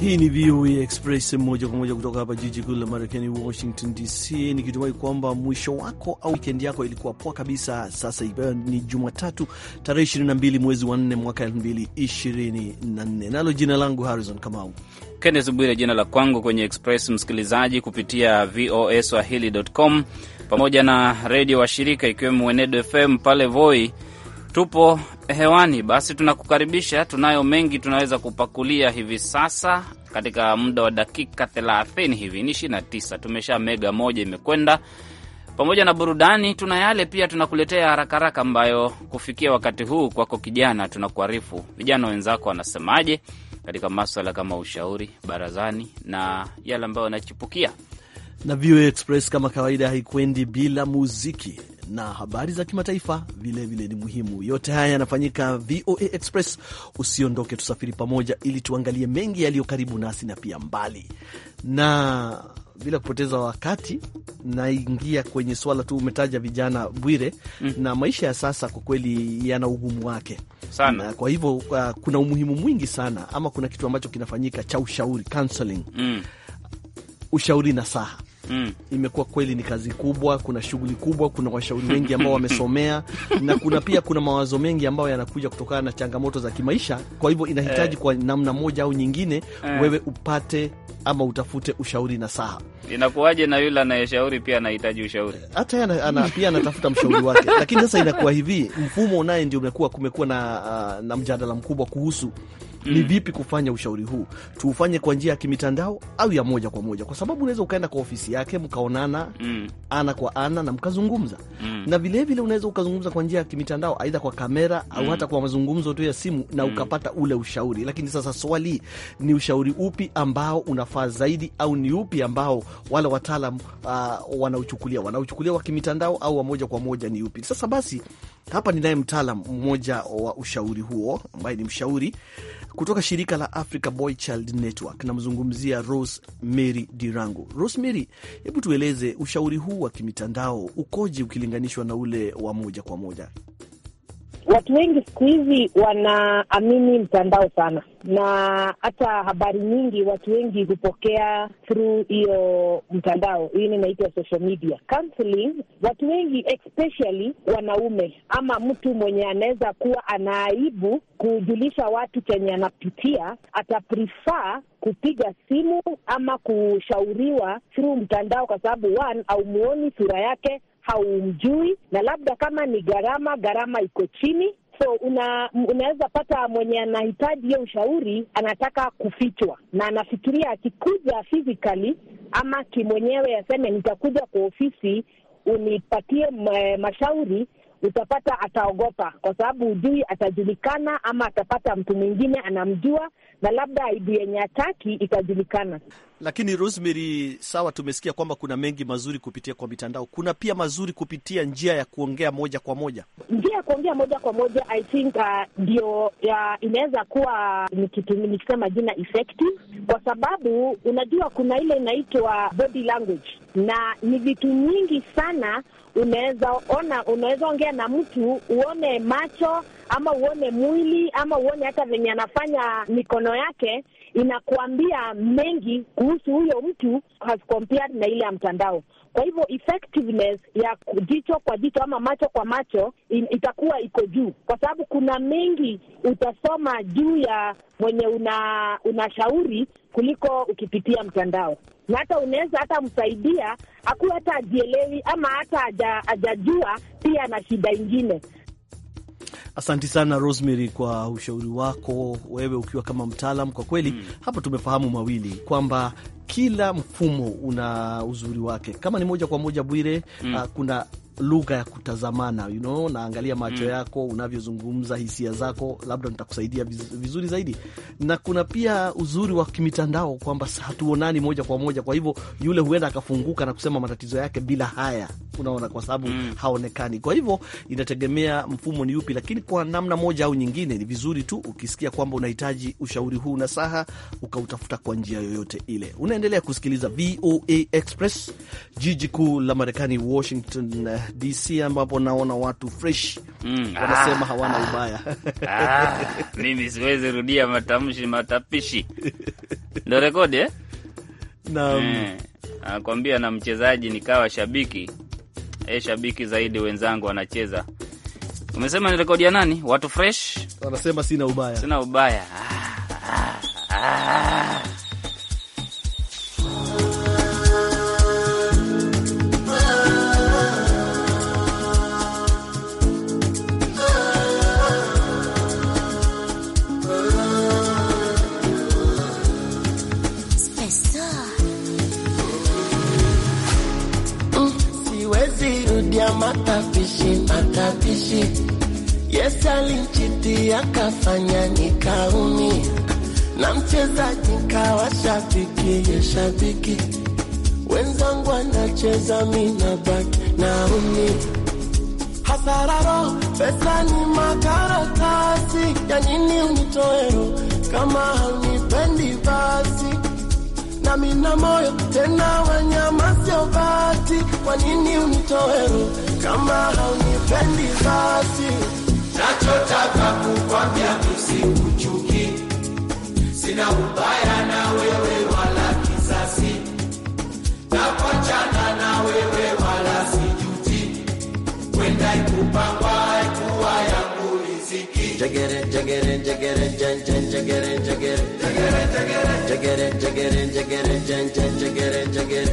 Hii ni VOA Express moja kwa moja kutoka hapa jiji kuu la Marekani, Washington DC, nikitumai kwamba mwisho wako au wikendi yako ilikuwa poa kabisa. Sasa ikiwa ni Jumatatu tarehe 22 mwezi wa 4 mwaka 2024, nalo jina langu Harrison Kamau. Kennes Bwire jina la kwangu kwenye Express msikilizaji, kupitia VOA Swahili.com pamoja na redio washirika ikiwemo Wenedo FM pale Voi Tupo hewani, basi tunakukaribisha. Tunayo mengi tunaweza kupakulia hivi sasa katika muda wa dakika 30 hivi, ni 29 tumesha mega moja imekwenda pamoja na burudani. Tuna yale pia tunakuletea haraka haraka ambayo kufikia wakati huu kwako kijana, tunakuarifu vijana wenzako wanasemaje katika maswala kama ushauri barazani na yale ambayo wanachipukia. Na VOA Express kama kawaida haikwendi bila muziki na habari za kimataifa vilevile ni muhimu. Yote haya yanafanyika VOA Express. Usiondoke, tusafiri pamoja ili tuangalie mengi yaliyo karibu nasi na pia mbali. Na bila kupoteza wakati, naingia kwenye swala tu. Umetaja vijana Bwire, mm, na maisha ya sasa kwa kweli yana ugumu wake sana. Na kwa hivyo uh, kuna umuhimu mwingi sana ama kuna kitu ambacho kinafanyika cha ushauri counseling, mm, ushauri na saha mm. Imekuwa kweli ni kazi kubwa, kuna shughuli kubwa, kuna washauri wengi ambao wamesomea na kuna pia kuna mawazo mengi ambayo yanakuja kutokana na changamoto za kimaisha. Kwa hivyo inahitaji eh, kwa namna moja au nyingine eh, wewe upate ama utafute ushauri na saha. Inakuwaje na yule anayeshauri pia anahitaji ushauri, hata yeye ana, pia anatafuta mshauri wake. Lakini sasa inakuwa hivi, mfumo naye ndio umekuwa, kumekuwa na, ah, na mjadala mkubwa kuhusu mm. ni vipi kufanya ushauri huu? Tuufanye kwa njia ya kimitandao au ya moja kwa moja? Kwa sababu unaweza ukaenda kwa ofisi yake mkaonana mm. ana kwa ana na mkazungumza mm. na vilevile unaweza ukazungumza kwa njia ya kimitandao, aidha kwa kamera mm. au hata kwa mazungumzo tu ya simu na mm. ukapata ule ushauri. Lakini sasa swali ni ushauri upi ambao unafaa zaidi, au ni upi ambao wale wataalam uh, wanauchukulia wanauchukulia wa kimitandao au wa moja kwa moja ni upi? Sasa basi hapa ninaye mtaalam mmoja wa ushauri huo ambaye ni mshauri kutoka shirika la Africa Boy Child Network. Namzungumzia Rose Mary Dirango. Rose Mary, hebu tueleze ushauri huu wa kimitandao ukoje ukilinganishwa na ule wa moja kwa moja? Watu wengi siku hizi wanaamini mtandao sana, na hata habari nyingi watu wengi hupokea through hiyo mtandao. Hii inaitwa social media counseling. Watu wengi especially wanaume ama mtu mwenye anaweza kuwa anaaibu kujulisha watu chenye anapitia, ata kupiga simu ama kushauriwa through mtandao, kwa sababu one, haumuoni sura yake haumjui, na labda kama ni gharama, gharama iko chini so una, unaweza pata mwenye anahitaji hiyo ushauri anataka kufichwa na anafikiria akikuja physically ama kimwenyewe aseme nitakuja kwa ofisi unipatie mashauri, utapata ataogopa, kwa sababu hujui atajulikana ama atapata mtu mwingine anamjua, na labda aibu yenye ataki itajulikana. Lakini Rosemary, sawa, tumesikia kwamba kuna mengi mazuri kupitia kwa mitandao, kuna pia mazuri kupitia njia ya kuongea moja kwa moja. Njia ya kuongea moja kwa moja I think uh, ndio uh, uh, inaweza kuwa nikisema jina effective, kwa sababu unajua kuna ile inaitwa body language na ni vitu nyingi sana unaweza ona, unaweza ongea na mtu uone macho ama uone mwili ama uone hata venye anafanya mikono yake, inakuambia mengi kuhusu huyo mtu as compared na ile ya mtandao. Kwa hivyo effectiveness ya jicho kwa jicho ama macho kwa macho in, itakuwa iko juu, kwa sababu kuna mengi utasoma juu ya mwenye una unashauri kuliko ukipitia mtandao, na hata unaweza hata msaidia akuwa hata ajielewi ama hata ajajua pia na shida ingine, Asanti sana Rosemary kwa ushauri wako, wewe ukiwa kama mtaalam kwa kweli mm. Hapo tumefahamu mawili kwamba kila mfumo una uzuri wake, kama ni moja kwa moja Bwire mm. uh, kuna lugha ya kutazamana you know, naangalia macho mm. yako unavyozungumza, hisia zako, labda nitakusaidia vizuri zaidi. Na kuna pia uzuri wa kimitandao kwamba hatuonani moja kwa moja, kwa hivyo yule huenda akafunguka na kusema matatizo yake bila haya, unaona, kwa sababu mm. haonekani. Kwa hivyo inategemea mfumo ni upi, lakini kwa namna moja au nyingine ni vizuri tu ukisikia kwamba unahitaji ushauri huu na saha, ukautafuta kwa njia yoyote ile. Unaendelea kusikiliza VOA Express, jiji kuu la Marekani, Washington eh, DC ambapo naona watu fresh mm, wanasema ah, hawana ah. ubaya ah, mimi siwezi rudia matamshi matapishi ndo rekodi eh? na, mm, eh, anakwambia na mchezaji nikawa shabiki e, shabiki zaidi wenzangu wanacheza. Umesema ni rekodi ya nani? Watu fresh wanasema sina ubaya, sina ubaya ah, ah, ah. ah. akafanya kafanya nikaumia, na mchezaji kawa shabiki ya shabiki, wenzangu anacheza mina baki naumia, hasararo pesa ni makaratasi ya nini unitoero kama haunipendi basi na mina moyo tena wanyama sio bati, kwa nini unitoero kama haunipendi basi nachotaka kukwambia, tusikuchuki, sina ubaya na wewe Jen, Jen, Jen, Jen, Jagger, Jagger, Jagger, Jagged, jagged, jagged, jan, jan, jagged, jagged.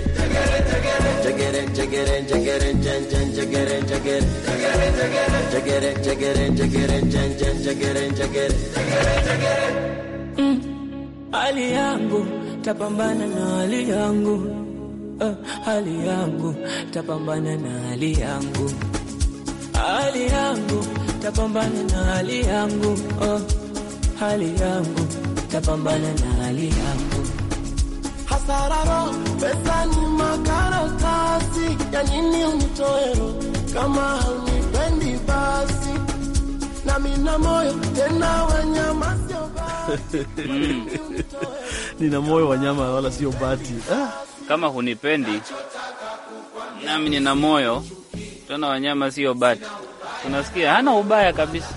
Jagged, jagged, jagged, jan, jan, jagged, jagged. Jagged, jagged, jagged, jan, jan, jagged, jagged. Jagged, jagged, jagged, jan, jan, jagged, jagged. Hali yangu tapambana na hali yangu. Hali yangu tapambana na hali yangu. Hali yangu tapambana na hali yangu, oh, hali yangu, tapambana na hali yangu. Hasararo pesa ni makaratasi ya nini unitoero, kama unipendi basi na mimi na moyo tena wanyama sio basi nina moyo wanyama wala sio bati ah. Kama hunipendi nami nina moyo tena wanyama sio bati unasikia hana ubaya kabisa.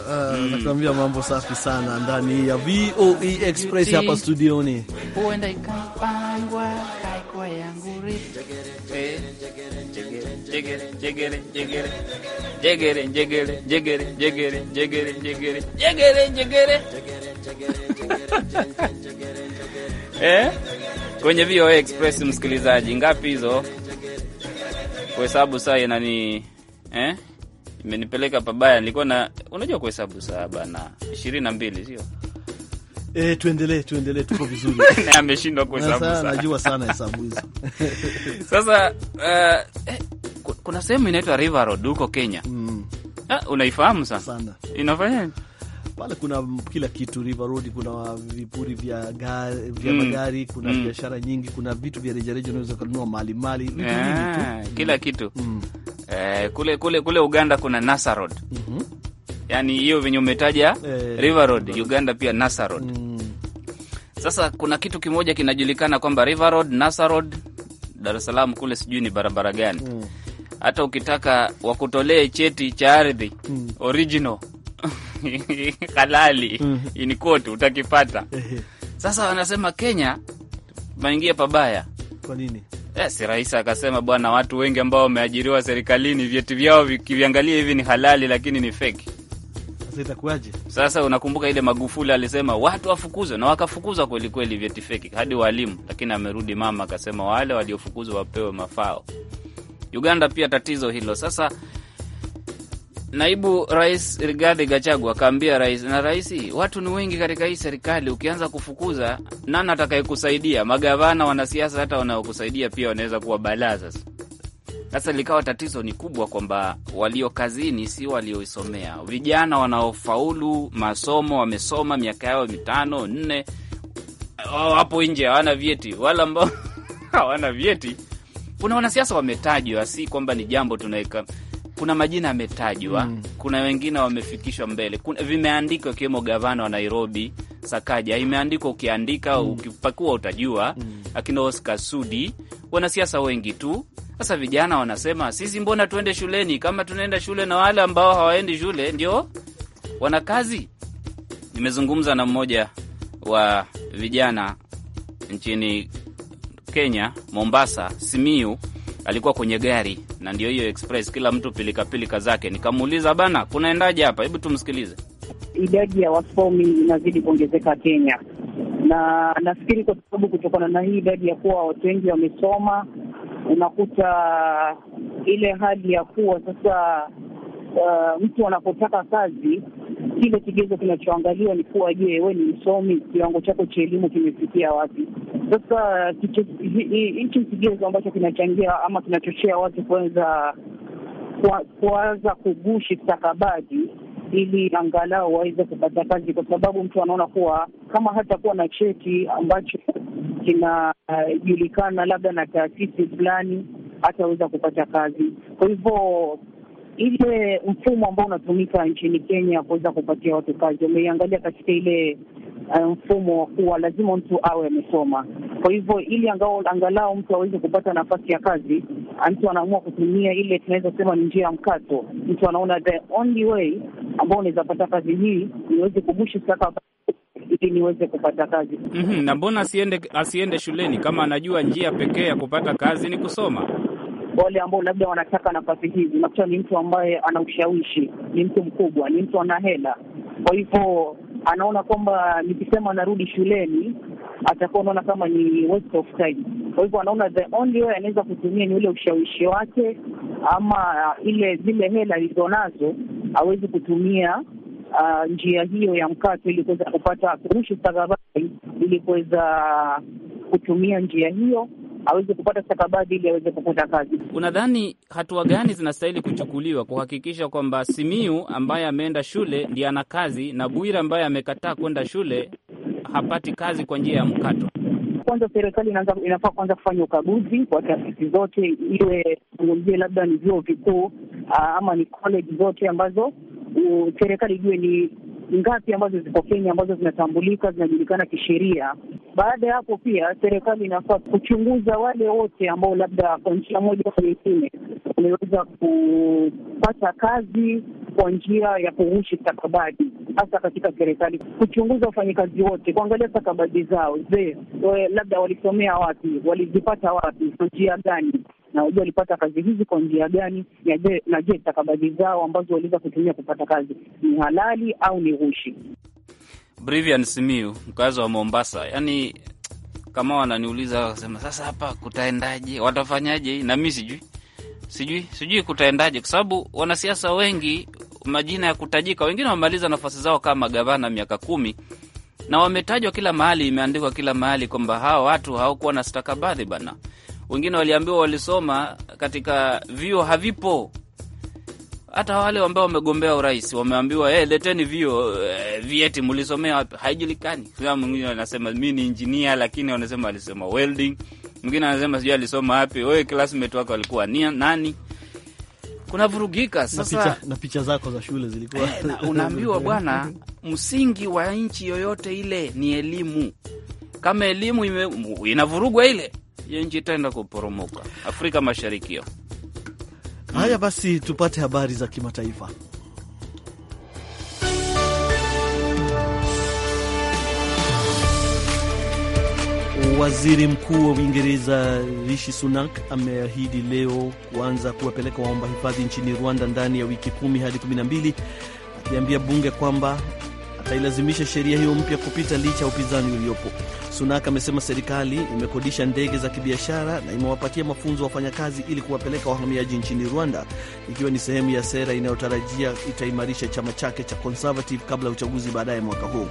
Uh, mm. Nakwambia mambo safi sana ndani ya VOE Express hapa studioni. Huenda ikapangwa kaikuwa yangu eh? Kwenye VOE Express msikilizaji, ngapi hizo? Kuhesabu saa inani eh? Imenipeleka pabaya, nilikuwa na unajua kuhesabu saba na ishirini na mbili sio? E, tuendelee tuendelee, tuko vizuri ameshindwa kuhesabu sana, najua sana hesabu hizo sasa uh, eh, eh kuna sehemu inaitwa River Road huko Kenya mm. Ha, eh, unaifahamu sana, sana. Inafanya pale kuna kila kitu River Road, kuna vipuri vya, gari, vya mm. kuna mm. biashara nyingi, kuna vitu vya rejareja unaweza kununua malimali vitu vingi tu kila mm. kitu mm eh, kule kule kule Uganda kuna Nasa Road mm -hmm. Yani hiyo venye umetaja eh, River Road Uganda pia Nasa Road mm. Sasa kuna kitu kimoja kinajulikana kwamba River Road, Nasa Road Dar es Salaam kule sijui ni barabara gani mm. Hata ukitaka wakutolee cheti cha ardhi mm. original halali mm. inikoti utakipata. Sasa wanasema Kenya maingia pabaya. Kwa nini? Yes, rais akasema bwana, watu wengi ambao wameajiriwa serikalini vyeti vyao vikiviangalia hivi ni halali, lakini ni feki. Sasa itakuwaje? Sasa unakumbuka ile Magufuli alisema watu wafukuzwe, na wakafukuzwa kweli kweli, vyeti feki hadi walimu. Lakini amerudi mama akasema wale waliofukuzwa wapewe mafao. Uganda pia tatizo hilo sasa Naibu Rais Rigathi Gachagua akaambia rais na rais, watu ni wengi katika hii serikali, ukianza kufukuza nani atakayekusaidia? Magavana, wanasiasa, hata wanaokusaidia pia wanaweza kuwa balaa. Sasa sasa likawa tatizo ni kubwa kwamba walio kazini si walioisomea. Vijana wanaofaulu masomo, wamesoma miaka yao mitano nne, wapo nje, hawana vyeti, wala ambao hawana vyeti. Kuna wanasiasa wametajwa, si kwamba ni jambo tunaweka kuna majina yametajwa mm. Kuna wengine wamefikishwa mbele, kuna vimeandikwa, ikiwemo gavana wa Nairobi Sakaja, imeandikwa ukiandika, mm. ukipakua utajua mm. akina Oscar Sudi, wanasiasa wengi tu. Sasa vijana wanasema sisi mbona tuende shuleni kama tunaenda shule, na wale ambao hawaendi shule ndio wana kazi. Nimezungumza na mmoja wa vijana nchini Kenya, Mombasa, Simiu alikuwa kwenye gari na ndio hiyo express, kila mtu pilikapilika zake. Nikamuuliza, bana, kunaendaje hapa? Hebu tumsikilize. Idadi ya wasomi inazidi kuongezeka Kenya, na nafikiri kwa sababu kutokana na hii idadi ya kuwa watu wengi wamesoma, unakuta ile hali ya kuwa sasa Uh, mtu anapotaka kazi, kile kigezo kinachoangaliwa ni kuwa, je, we ni msomi? Kiwango chako cha elimu kimefikia wapi? Sasa hichi kigezo ambacho kinachangia ama kinachochea watu kuanza kuanza kugushi stakabadhi ili angalau waweze kupata kazi, kwa sababu mtu anaona kuwa kama hatakuwa na cheti ambacho kinajulikana uh, labda na taasisi fulani, hataweza kupata kazi. Kwa hivyo ile mfumo ambao unatumika nchini Kenya kuweza kupatia watu kazi, umeiangalia katika ile Eh, mfumo wa kuwa lazima mtu awe amesoma. Kwa hivyo ili angao, angalau mtu aweze kupata nafasi ya kazi, mtu anaamua kutumia ile tunaweza sema ni njia ya mkato. Mtu anaona the only way ambao unaweza pata kazi hii niweze kubushi saka ili niweze kupata kazi. mm -hmm. Na mbona asiende asiende shuleni kama anajua njia pekee ya kupata kazi ni kusoma? Wale ambao labda wanataka nafasi hizi, unakuta ni mtu ambaye ana ushawishi, ni mtu mkubwa, ni mtu ana hela, kwa hivyo anaona kwamba nikisema anarudi shuleni atakuwa anaona kama ni waste of time. Kwa hivyo anaona the only way anaweza kutumia ni ule ushawishi wake ama uh, ile zile hela nazo awezi kutumia uh, njia hiyo ya mkato ili kuweza kupata kurushi stakabadhi ili kuweza kutumia njia hiyo aweze kupata stakabadhi ili aweze kupata kazi. Unadhani hatua gani zinastahili kuchukuliwa kuhakikisha kwamba Simiu ambaye ameenda shule ndiye ana kazi na Bwira ambaye amekataa kwenda shule hapati kazi kwa njia ya mkato? Kwanza serikali inafaa kwanza kufanya ukaguzi kwa taasisi zote, iwe zungumzie labda ni vyuo vikuu ah, ama ni college zote ambazo serikali ijue ni ngapi ambazo ziko Kenya ambazo zinatambulika zinajulikana kisheria. Baada ya hapo, pia serikali inafaa kuchunguza wale wote ambao labda kwa njia moja au nyingine wameweza kupata kazi kwa njia ya kughushi stakabadhi, hasa katika serikali, kuchunguza wafanyakazi wote, kuangalia stakabadhi zao. Je, labda walisomea wapi? Walizipata wapi? kwa njia gani? na wajua walipata kazi hizi kwa njia gani, na je, stakabadhi zao ambazo waliweza kutumia kupata kazi ni halali au ni ghushi. Brivian Simiu, mkazi wa Mombasa, yani kama wananiuliza wasema, sasa hapa kutaendaje, watafanyaje? Na mi sijui sijui sijui kutaendaje, kwa sababu wanasiasa wengi majina ya kutajika, wengine wamemaliza nafasi zao kama magavana miaka kumi na wametajwa kila mahali, imeandikwa kila mahali kwamba hawa watu hawakuwa na stakabadhi bana wengine waliambiwa walisoma katika vyuo havipo. Hata wale ambao wamegombea urais wameambiwa hey, eh, leteni vyuo eh, vieti mlisomea wapi haijulikani. Mwingine anasema mi ni injinia, lakini wanasema alisoma welding. Mwingine anasema sijui alisoma wapi. Wewe classmate wako alikuwa nani? Kuna vurugika sasa, na picha, na picha zako za shule zilikuwa eh, unaambiwa bwana, msingi wa nchi yoyote ile ni elimu. Kama elimu inavurugwa ile hiyo nchi itaenda kuporomoka, Afrika Mashariki hiyo. Haya basi, tupate habari za kimataifa. Waziri Mkuu wa Uingereza Rishi Sunak ameahidi leo kuanza kuwapeleka waomba hifadhi nchini Rwanda ndani ya wiki kumi hadi kumi na mbili, akiambia bunge kwamba atailazimisha sheria hiyo mpya kupita licha ya upinzani uliopo. Sunak amesema serikali imekodisha ndege za kibiashara na imewapatia mafunzo wafanyakazi ili kuwapeleka wahamiaji nchini Rwanda, ikiwa ni sehemu ya sera inayotarajia itaimarisha chama chake cha Conservative kabla ya uchaguzi baadaye mwaka huu.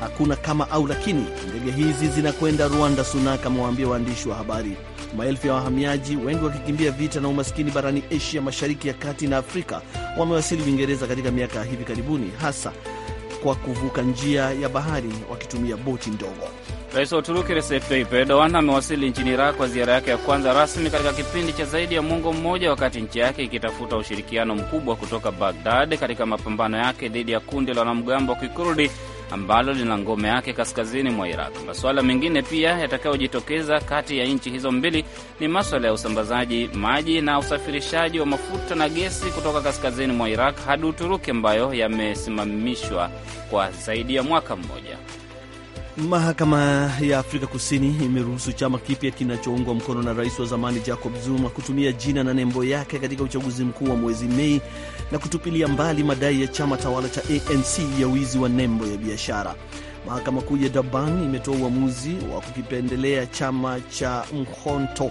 Hakuna kama au lakini, ndege hizi zinakwenda Rwanda, Sunak amewaambia waandishi wa habari. Maelfu ya wahamiaji, wengi wakikimbia vita na umaskini barani Asia, mashariki ya kati na Afrika, wamewasili Uingereza katika miaka ya hivi karibuni, hasa kwa kuvuka njia ya bahari wakitumia boti ndogo. Rais wa Uturuki Recep Tayyip Erdogan amewasili nchini Iraq kwa ziara yake ya kwanza rasmi katika kipindi cha zaidi ya mwongo mmoja, wakati nchi yake ikitafuta ushirikiano mkubwa kutoka Bagdad katika mapambano yake dhidi ya kundi la wanamgambo wa Kikurdi ambalo lina ngome yake kaskazini mwa Iraq. Masuala mengine pia yatakayojitokeza kati ya nchi hizo mbili ni maswala ya usambazaji maji na usafirishaji wa mafuta na gesi kutoka kaskazini mwa Iraq hadi Uturuki, ambayo yamesimamishwa kwa zaidi ya mwaka mmoja. Mahakama ya Afrika Kusini imeruhusu chama kipya kinachoungwa mkono na rais wa zamani Jacob Zuma kutumia jina na nembo yake katika uchaguzi mkuu wa mwezi Mei na kutupilia mbali madai ya chama tawala cha ANC ya wizi wa nembo ya biashara. Mahakama Kuu ya Durban imetoa uamuzi wa kukipendelea chama cha Mkhonto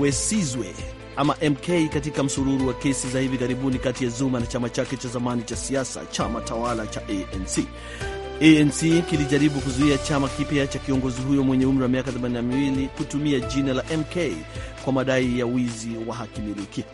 Wesizwe ama MK katika msururu wa kesi za hivi karibuni kati ya Zuma na chama chake cha zamani cha siasa, chama tawala cha ANC. ANC kilijaribu kuzuia chama kipya cha kiongozi huyo mwenye umri wa miaka 82 kutumia jina la MK kwa madai ya wizi wa haki miliki.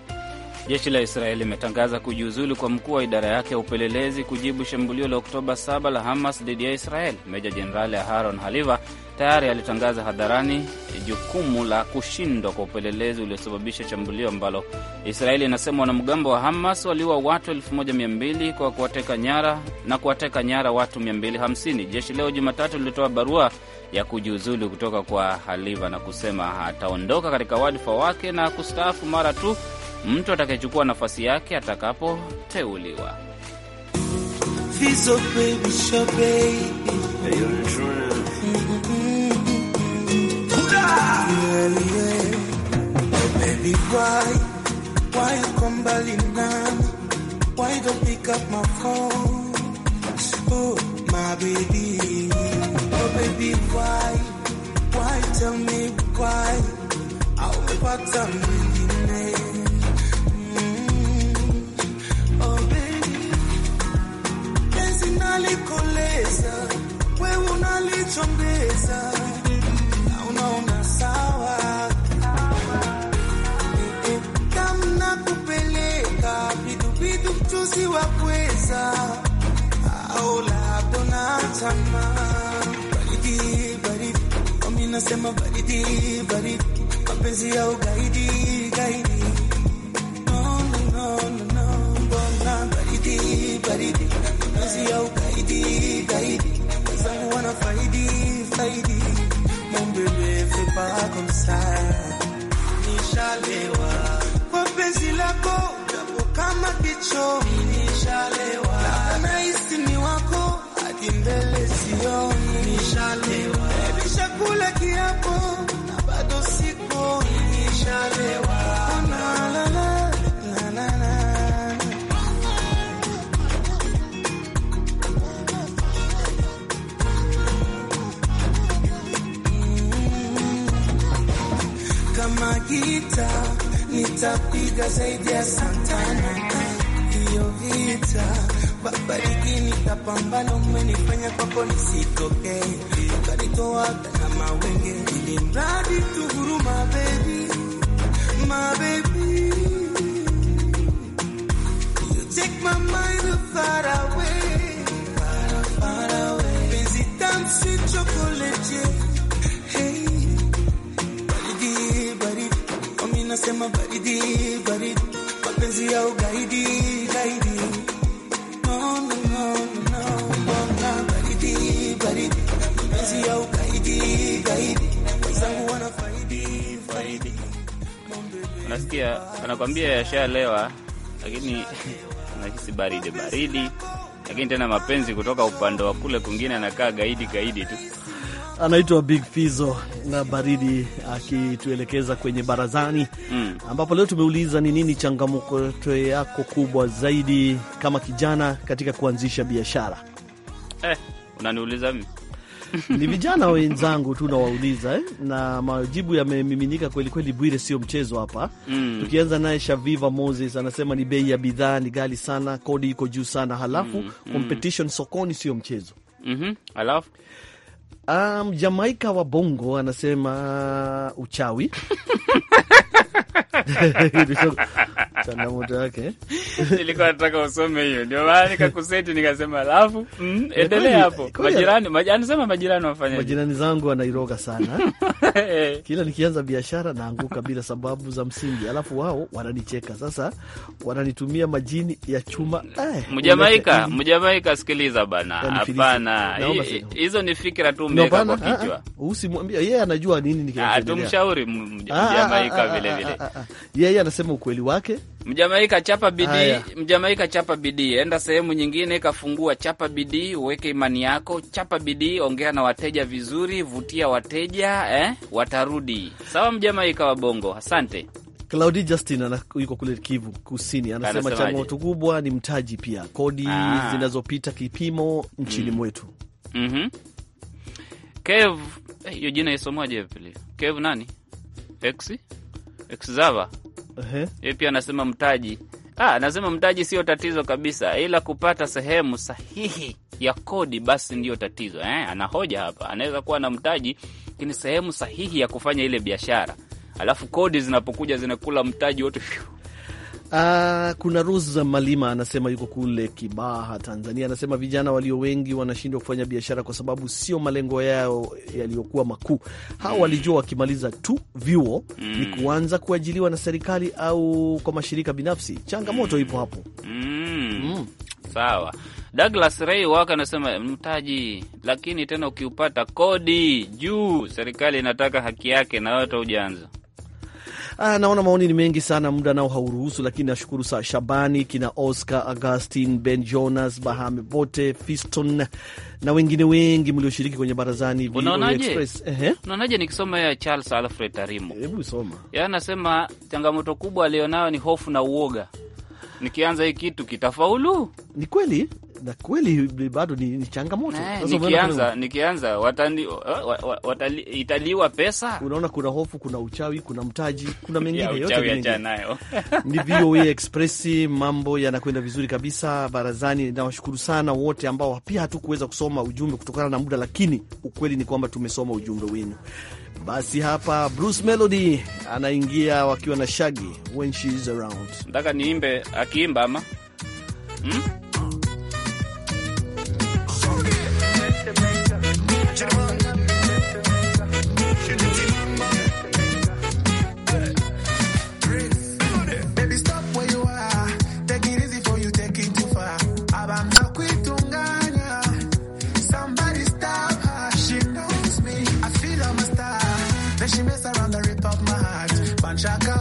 Jeshi la Israeli limetangaza kujiuzulu kwa mkuu wa idara yake ya upelelezi kujibu shambulio la Oktoba 7 la Hamas dhidi ya israel Meja Jenerali Aharon Haliva tayari alitangaza hadharani jukumu la kushindwa kwa upelelezi uliosababisha shambulio ambalo Israeli inasema wanamgambo wa Hamas waliua watu 1200 kwa kuwateka nyara na kuwateka nyara watu 250. Jeshi leo Jumatatu lilitoa barua ya kujiuzulu kutoka kwa Haliva na kusema ataondoka katika wadhifa wake na kustaafu mara tu mtu atakayechukua nafasi yake atakapoteuliwa. nasikia anakwambia yashalewa, lakini anahisi baridi baridi, lakini tena mapenzi kutoka upande wa kule kwingine anakaa gaidi gaidi tu. Anaitwa Big Fizo na baridi, akituelekeza kwenye barazani mm, ambapo leo tumeuliza ni nini changamoto yako kubwa zaidi kama kijana katika kuanzisha biashara. Eh, unaniuliza mimi? ni vijana wenzangu tu nawauliza eh? na majibu yamemiminika kwelikweli. Bwire, sio mchezo hapa mm. Tukianza naye Shaviva Moses anasema ni bei ya bidhaa ni ghali sana, kodi iko juu sana, halafu mm. mm. competition sokoni sio mchezo mm -hmm. Um, Jamaika wa Bongo anasema uh, uchawi changamoto yake eh? nilikuwa nataka usome hiyo, ndio maana nikakuseti nikasema, alafu mm, eh, endelea hapo. Majirani anasema majirani wafanya majirani zangu wanairoga sana eh. kila nikianza biashara naanguka bila sababu za msingi, alafu wao wananicheka. Sasa wananitumia majini ya chuma. Mjamaika, mm. Mjamaika, sikiliza bana, yaani hapana, hizo ni tu kwa ah, kichwa, ah, usimwambia yeye, anajua nini ah, Tumshauri Mjamaika yeye anasema ukweli wake. Mjamaika chapa bidii, Mjamaika chapa bidii, enda sehemu nyingine kafungua, chapa bidii, uweke imani yako, chapa bidii, ongea na wateja vizuri, vutia wateja eh, watarudi. Sawa Mjamaika wa Bongo, asante. Claudi Justin yuko kule Kivu Kusini, anasema changamoto kubwa ni mtaji, pia kodi ah, zinazopita kipimo nchini mm, mwetu mm -hmm. Kev eh, hiyo jina isomwaje? Kev nani? Exi Xava yeye pia anasema mtaji, ah, anasema mtaji sio tatizo kabisa, ila kupata sehemu sahihi ya kodi basi ndiyo tatizo eh. Anahoja hapa, anaweza kuwa na mtaji lakini sehemu sahihi ya kufanya ile biashara, alafu kodi zinapokuja zinakula mtaji wote Uh, kuna Rose Malima anasema yuko kule Kibaha, Tanzania. Anasema vijana walio wengi wanashindwa kufanya biashara kwa sababu sio malengo yao yaliyokuwa makuu. Hawa mm. walijua wakimaliza tu vyuo mm. ni kuanza kuajiliwa na serikali au kwa mashirika binafsi. Changamoto mm. ipo hapo mm. Mm. Sawa. Douglas Ray waka anasema mtaji, lakini tena ukiupata kodi juu, serikali inataka haki yake na watu hujaanza Ah, naona maoni ni mengi sana, muda nao hauruhusu, lakini nashukuru sa Shabani kina Oscar Augustin, Ben Jonas, Bahame Bote, Fiston na wengine wengi mlioshiriki kwenye barazani. Unaonaje nikisoma ya Charles Alfred Tarimo? Hebu soma. Yeye anasema changamoto kubwa alionayo ni hofu na uoga Nikianza hii kitu kitafaulu? Ni kweli na kweli bado ni, ni changamoto eh. Nikianza, nikianza watani, oh, watali, italiwa pesa. Unaona, kuna hofu, kuna uchawi, kuna mtaji, kuna mengine yote ni VOA Express. Mambo yanakwenda vizuri kabisa barazani. Nawashukuru sana wote ambao pia hatukuweza kusoma ujumbe kutokana na muda, lakini ukweli ni kwamba tumesoma ujumbe wenu. Basi hapa Bruce Melody anaingia wakiwa na Shaggy when she is around. Nataka niimbe akiimba ama hmm? Shaka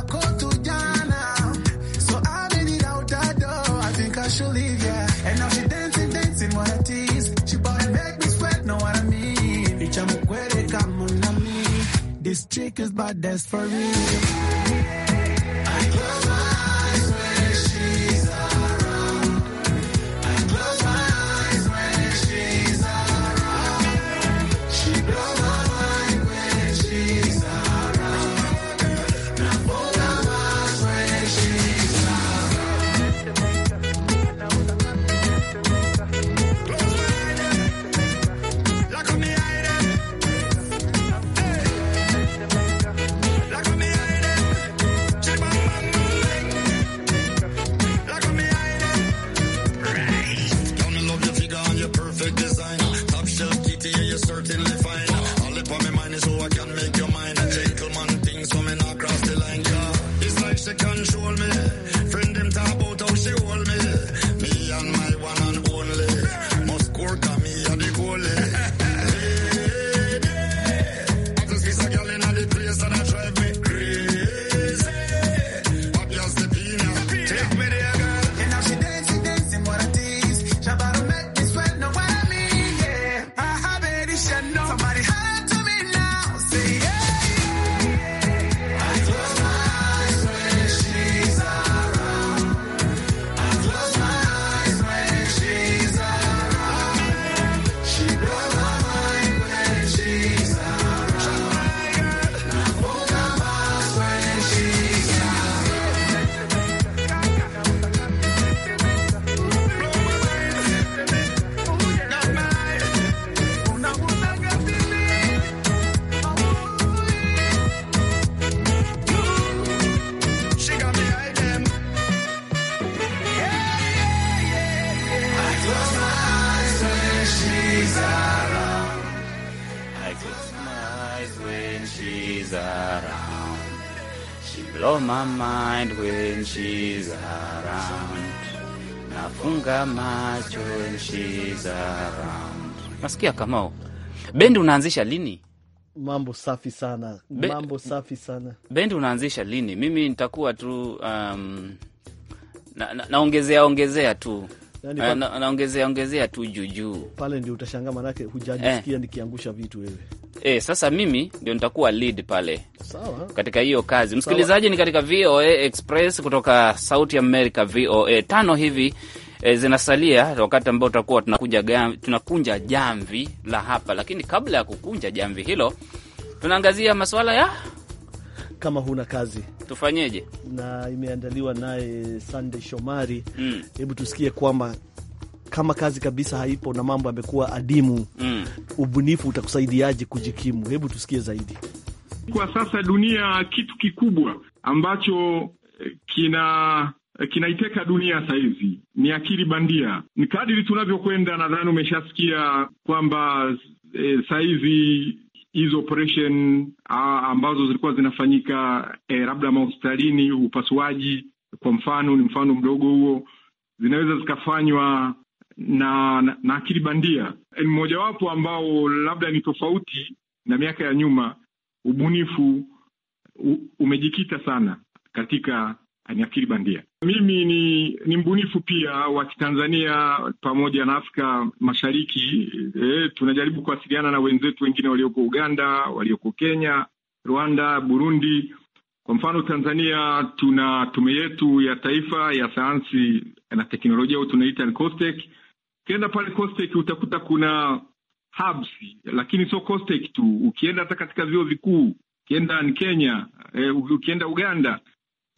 just for me. funga macho nchi za nasikia kamao. Bendi unaanzisha lini? Mambo safi sana, mambo safi sana. Bendi unaanzisha lini? Mimi nitakuwa tu um, naongezea na, na, ongezea tu yani, na, naongezea ongezea tu juujuu yaani eh, pale, ndio utashangaa manake hujajisikia eh, nikiangusha vitu wewe eh. sasa mimi ndio nitakuwa lead pale. Sawa. Katika hiyo kazi msikilizaji, ni katika VOA Express kutoka Sauti America VOA tano hivi e, zinasalia wakati ambao tutakuwa tunakunja, tunakunja jamvi la hapa, lakini kabla ya kukunja jamvi hilo tunaangazia masuala ya kama huna kazi tufanyeje, na imeandaliwa naye Sande Shomari. Mm. Hebu mm. tusikie kwamba kama kazi kabisa haipo na mambo yamekuwa adimu mm. ubunifu utakusaidiaje kujikimu? Hebu tusikie zaidi. Kwa sasa dunia, kitu kikubwa ambacho eh, kina Eh, kinaiteka dunia sasa hivi ni akili bandia. Ni kadiri tunavyokwenda, nadhani umeshasikia kwamba e, eh, sasa hivi hizo operation ambazo zilikuwa zinafanyika e, labda mahospitalini, upasuaji kwa mfano, ni mfano mdogo huo, zinaweza zikafanywa na, na, na akili bandia. Ni mmojawapo ambao labda ni tofauti na miaka ya nyuma. Ubunifu u, umejikita sana katika ni akili bandia. Mimi ni ni mbunifu pia wa Kitanzania pamoja na Afrika Mashariki. E, tunajaribu kuwasiliana na wenzetu wengine walioko Uganda, walioko Kenya, Rwanda, Burundi. Kwa mfano Tanzania tuna tume yetu ya taifa ya sayansi na teknolojia au tunaita COSTECH. Ukienda pale COSTECH utakuta kuna hubs, lakini sio COSTECH tu, ukienda hata katika vyuo vikuu, ukienda Kenya e, ukienda Uganda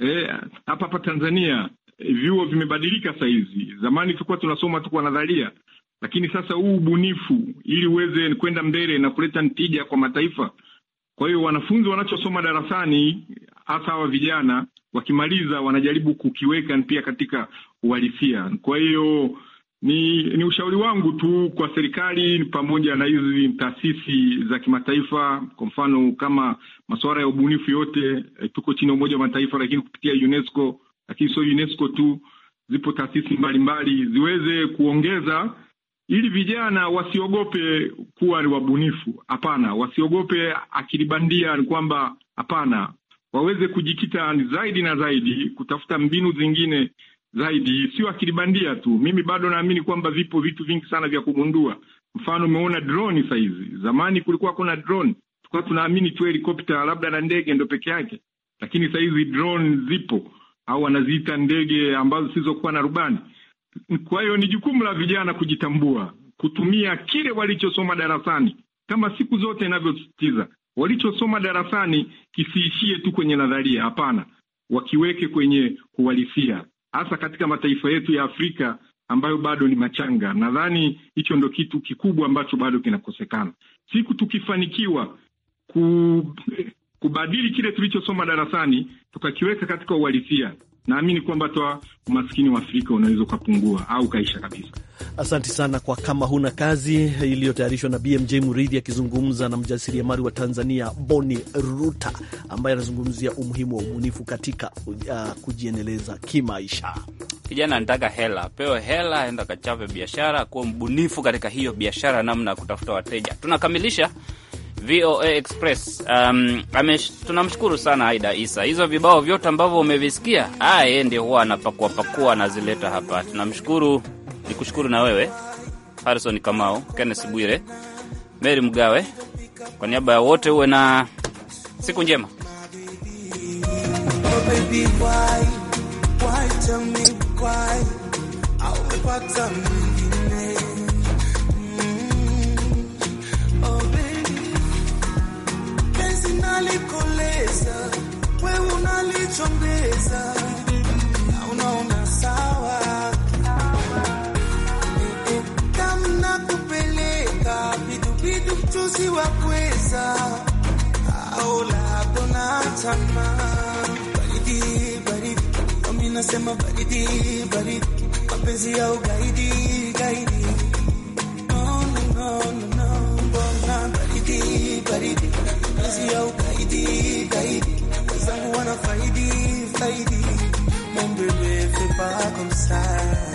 Eh, hapa hapa Tanzania vyuo vimebadilika sahizi. Zamani tulikuwa tunasoma tu kwa nadharia, lakini sasa huu ubunifu ili uweze kwenda mbele na kuleta ntija kwa mataifa. Kwa hiyo wanafunzi wanachosoma darasani, hasa hawa vijana, wakimaliza wanajaribu kukiweka pia katika uhalisia. Kwa hiyo ni, ni ushauri wangu tu kwa serikali pamoja na hizi taasisi za kimataifa, kwa mfano kama masuala ya ubunifu yote, e, tuko chini ya Umoja wa Mataifa, lakini kupitia UNESCO, lakini sio UNESCO tu, zipo taasisi mbalimbali ziweze kuongeza ili vijana wasiogope kuwa ni wabunifu. Hapana, wasiogope akili bandia, ni kwamba hapana, waweze kujikita zaidi na zaidi kutafuta mbinu zingine zaidi, sio akilibandia tu. Mimi bado naamini kwamba vipo vitu vingi sana vya kugundua. Mfano, umeona droni saizi. Zamani kulikuwa kuna drone, tulikuwa tunaamini tu helikopta labda na ndege ndo peke yake, lakini saizi drone zipo, au wanaziita ndege ambazo zisizokuwa na rubani. Kwa hiyo ni jukumu la vijana kujitambua, kutumia kile walichosoma darasani, kama siku zote inavyosisitiza walichosoma darasani kisiishie tu kwenye nadharia. Hapana, wakiweke kwenye uhalisia hasa katika mataifa yetu ya Afrika ambayo bado ni machanga. Nadhani hicho ndo kitu kikubwa ambacho bado kinakosekana. Siku tukifanikiwa ku, kubadili kile tulichosoma darasani tukakiweka katika uhalisia, naamini kwamba toa umaskini wa Afrika unaweza ukapungua au ukaisha kabisa. asanti sana kwa kama huna kazi, iliyotayarishwa na BMJ Muridhi akizungumza na mjasiriamali wa Tanzania Boni Ruta ambaye anazungumzia umuhimu wa ubunifu katika uh, kujiendeleza kimaisha. Kijana anataka hela, pewe hela, enda kachape biashara, kuwa mbunifu katika hiyo biashara, namna ya kutafuta wateja. Tunakamilisha VOA Express. Um, tunamshukuru sana Aida Isa. Hizo vibao vyote ambavyo umevisikia, aye ah, yeye ndio huwa anapakuapakua anazileta hapa. Tunamshukuru, ni kushukuru na wewe Harrison Kamau, Kenneth Bwire, Meri Mgawe. Kwa niaba ya wote, uwe na siku njema. Oh baby, why? Why, tell me why? unalikoleza wewe unalichombeza na unaona sawa kamna kupeleka viduvidu mchuzi wa kweza au lapo na tama baridi baridi, mimi nasema baridi baridi, mapenzi ya ugaidi gaidi no, no, no, no, no, baridi baridi, mapenzi ya ugaidi baby, membre me fais pas comme ça.